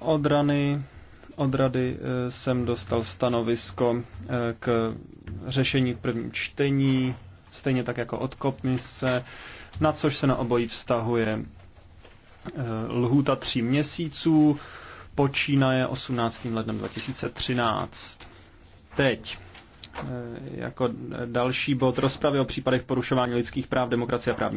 Od rany od rady eh, jsem dostal stanovisko eh, k řešení v prvním čtení, stejně tak jako od Kopnice, na což se na obojí vztahuje eh, lhůta tří měsíců, počínaje 18. lednem 2013. Teď jako další bod rozpravy o případech porušování lidských práv, demokracie a právní